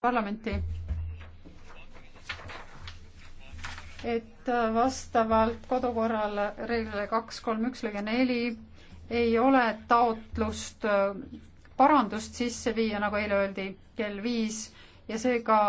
parlamenti, et vastavalt kodukorrale reeglile kaks, kolm, üks lõige neli ei ole taotlust äh, parandust sisse viia, nagu eile öeldi, kell viis ja seega